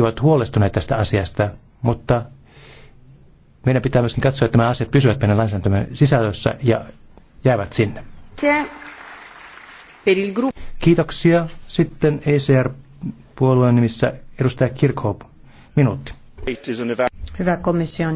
ovat huolestuneet tästä asiasta, mutta meidän pitää myöskin katsoa, että nämä asiat pysyvät meidän lainsäädäntömme sisällössä ja jäävät sinne. Kiitoksia. Sitten ECR-puolueen nimissä edustaja Kirkhoop. Minuutti. Hyvä komission